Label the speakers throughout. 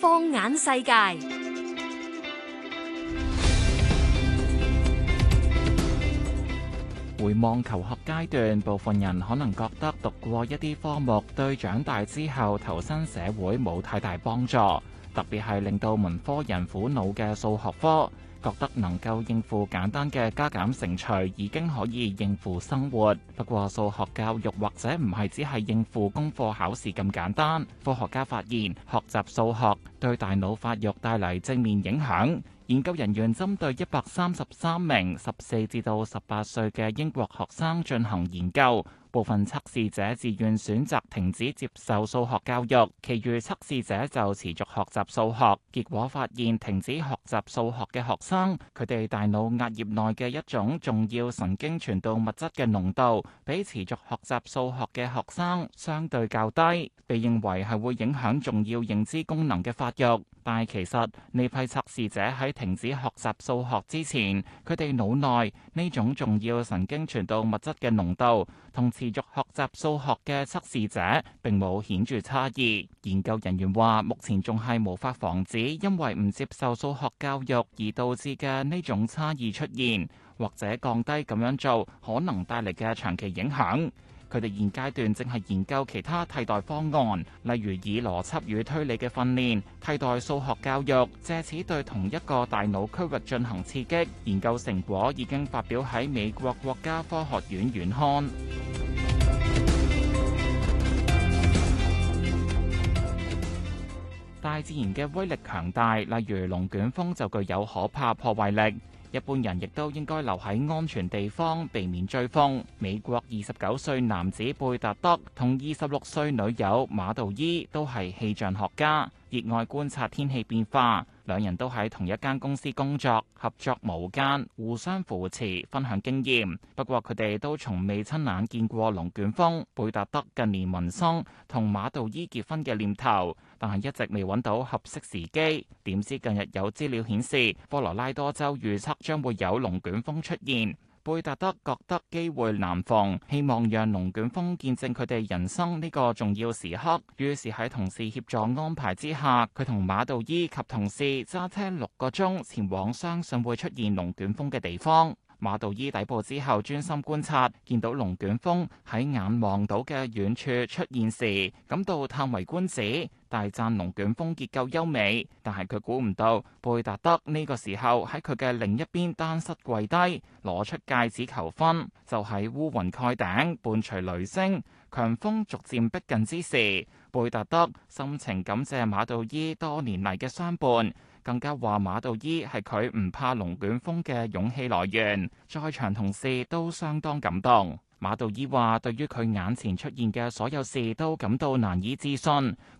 Speaker 1: 放眼世界，回望求學階段，部分人可能覺得讀過一啲科目對長大之後投身社會冇太大幫助，特別係令到文科人苦惱嘅數學科。覺得能夠應付簡單嘅加減乘除已經可以應付生活。不過數學教育或者唔係只係應付功課考試咁簡單。科學家發現學習數學對大腦發育帶嚟正面影響。研究人員針對一百三十三名十四至到十八歲嘅英國學生進行研究。部分測試者自願選擇停止接受數學教育，其餘測試者就持續學習數學。結果發現，停止學習數學嘅學生，佢哋大腦壓葉內嘅一種重要神經傳導物質嘅濃度，比持續學習數學嘅學生相對較低，被認為係會影響重要認知功能嘅發育。但係其實呢批測試者喺停止學習數學之前，佢哋腦內呢種重要神經傳導物質嘅濃度同持續學習數學嘅測試者，並冇顯著差異。研究人員話，目前仲係無法防止因為唔接受數學教育而導致嘅呢種差異出現，或者降低咁樣做可能帶嚟嘅長期影響。佢哋現階段正係研究其他替代方案，例如以邏輯與推理嘅訓練替代數學教育，借此對同一個大腦區域進行刺激。研究成果已經發表喺美國國家科學院院刊。大自然嘅威力強大，例如龍捲風就具有可怕破壞力。一般人亦都應該留喺安全地方，避免追風。美國二十九歲男子貝達德同二十六歲女友馬道伊都係氣象學家，熱愛觀察天氣變化。兩人都喺同一間公司工作，合作無間，互相扶持，分享經驗。不過佢哋都從未親眼見過龍捲風。貝達德德近年萌生同馬道伊結婚嘅念頭，但係一直未揾到合適時機。點知近日有資料顯示，科羅拉多州預測將會有龍捲風出現。貝特德覺得機會難逢，希望讓龍捲風見證佢哋人生呢個重要時刻。於是喺同事協助安排之下，佢同馬道依及同事揸車六個鐘前往相信會出現龍捲風嘅地方。馬道依抵步之後專心觀察，見到龍捲風喺眼望到嘅遠處出現時，感到嘆為觀止。大讚龍捲風結構優美，但係佢估唔到貝達德呢個時候喺佢嘅另一邊單膝跪低，攞出戒指求婚。就喺烏雲蓋頂，伴隨雷聲、強風逐漸逼近，近之時，貝達德深情感謝馬道依多年嚟嘅相伴，更加話馬道依係佢唔怕龍捲風嘅勇氣來源，在場同事都相當感動。馬杜伊話：對於佢眼前出現嘅所有事都感到難以置信。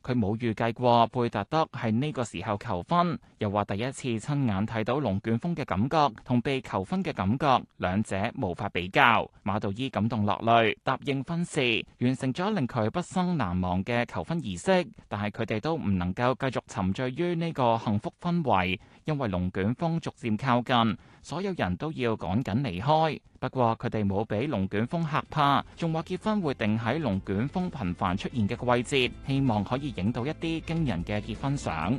Speaker 1: 佢冇預計過貝達德喺呢個時候求婚，又話第一次親眼睇到龍捲風嘅感覺同被求婚嘅感覺，兩者無法比較。馬杜伊感動落淚，答應婚事，完成咗令佢畢生難忘嘅求婚儀式。但係佢哋都唔能夠繼續沉醉於呢個幸福氛圍，因為龍捲風逐漸靠近。所有人都要趕緊離開，不過佢哋冇俾龍捲風嚇怕，仲話結婚會定喺龍捲風頻繁出現嘅季節，希望可以影到一啲驚人嘅結婚相。